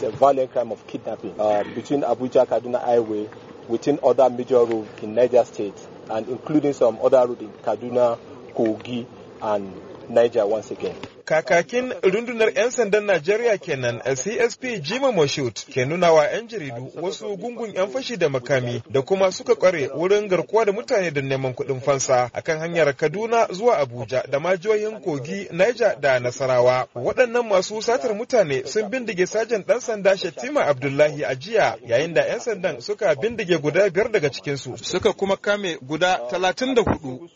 It's a violent crime of kidnapping uh, between Abuja Kaduna Highway, within other major roads in Niger State, and including some other roads in Kaduna, Kogi, and Niger once again. Kakakin rundunar 'yan sandan Najeriya kenan CSP Jima Moshut ke nuna wa 'yan jaridu wasu gungun 'yan fashi da makami da kuma suka kware wurin garkuwa da mutane da neman kuɗin fansa akan hanyar Kaduna zuwa Abuja da majiyoyin Kogi, Niger da Nasarawa. Waɗannan masu satar mutane sun bindige sajan ɗan sanda Shatima Abdullahi a jiya yayin da 'yan sandan suka bindige guda biyar daga cikinsu. Suka kuma kame guda talatin da hudu.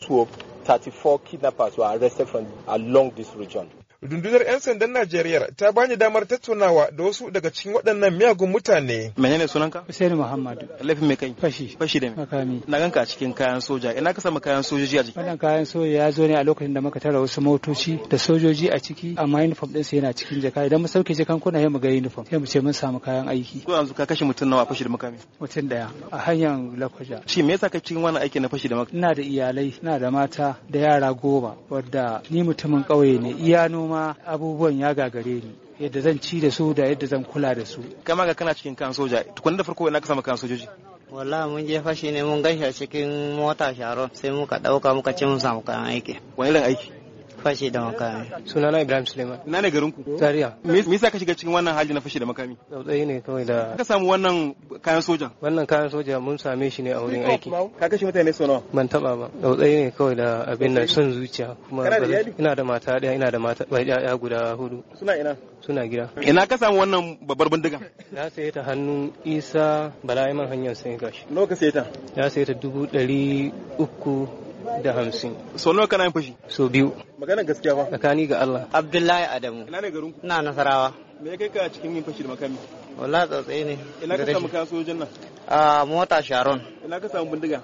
34 kidnappers were arrested from along this region. rundunar 'yan sandan Najeriya ta bani damar tattaunawa da wasu daga cikin waɗannan miyagun mutane. Menene sunanka? Hussein Muhammad. Laifin mai kai? Fashi. Fashi da Makami. Na ganka a cikin kayan soja. Ina ka samu kayan sojoji a jiki? Wannan kayan soja ya zo ne a lokacin da muka tara wasu motoci da sojoji a ciki amma uniform din su yana cikin jaka idan mu sauke jakan kuna yi mu ga uniform sai mu ce mun samu kayan aiki. Ko yanzu ka kashe mutum nawa fashi da makami? Mutum daya a hanyar Lakwaja. Shi me yasa ka cikin wannan aiki na fashi da makami? Ina da iyalai, ina da mata da yara goma wadda ni mutumin ƙauye ne iya noma kuma abubuwan ya gagare ni yadda zan ci da su da yadda zan kula da su kama ga kana cikin kan soja tukun da farko ina ka samu kan sojoji Wala mun je fashi ne mun gaisha cikin mota sharon sai muka dauka muka ce mun samu kan aiki wani aiki fashi da makami na ibrahim suleiman ina ne garin ku zaria me yasa ka shiga cikin wannan hali na fashi da makami tsautsayi ne kawai da ka samu wannan kayan soja wannan kayan soja mun same shi ne a wurin aiki ka kashe mutane su nawa ban taba ba tsautsayi ne kawai da abin nan son zuciya kuma ina da mata daya ina da mata ya guda hudu suna ina suna gida ina ka samu wannan babbar bindiga na saye ta hannun isa bala hanyar sai gashi nawa ka saye ta na saye ta dubu ɗari uku da hamsin. So nawa kana yin fashi? So biyu. Magana gaskiya ba. Tsakani ga Allah. Abdullahi Adamu. Ina ne garinku? Ina Nasarawa. Me ya kai ka cikin yin fashi da makami? Wala tsatsaye ne. Ina ka samu kasuwar sojojin nan? A ah, mota Sharon. Ina ka samu bindiga?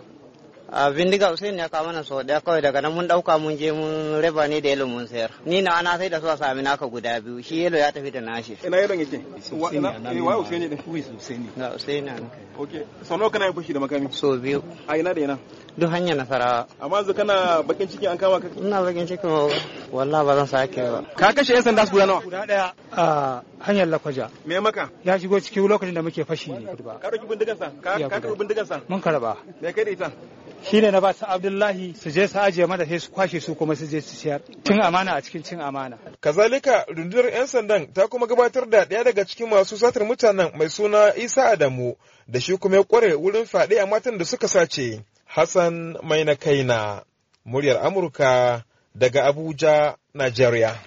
a bindiga usain ya kawo mana sau daya kawai daga nan mun dauka mun je mun raba ne da yellow mun sayar ni na ana sai da su a sami naka guda biyu shi yelo ya tafi da nashi ina yelo yake wa Hussein din eh, Hussein usaini na Hussein na ok sau nawa kana fushi da makami so biyu a ina da ina duk hanya nasarawa amma yanzu kana bakin ciki an kama ka ina bakin ciki wallahi ba zan sake ba ka kashe yan sanda su guda nawa guda daya a hanyar lakwaja me maka ya shigo cikin lokacin da muke fashi ne ka dauki bindigan sa ka ka bindigan sa mun karaba me kai da ita shine na ba su Abdullahi su je su ajiye mata sai su kwashe su kuma su je su siyar cin amana a cikin cin amana kazalika rundunar yan sandan ta kuma gabatar da ɗaya daga cikin masu satar mutanen mai suna Isa Adamu da shi kuma ya kware wurin fyaɗe a matan da suka sace Hassan mai na Kaina muryar Amurka daga Abuja Najeriya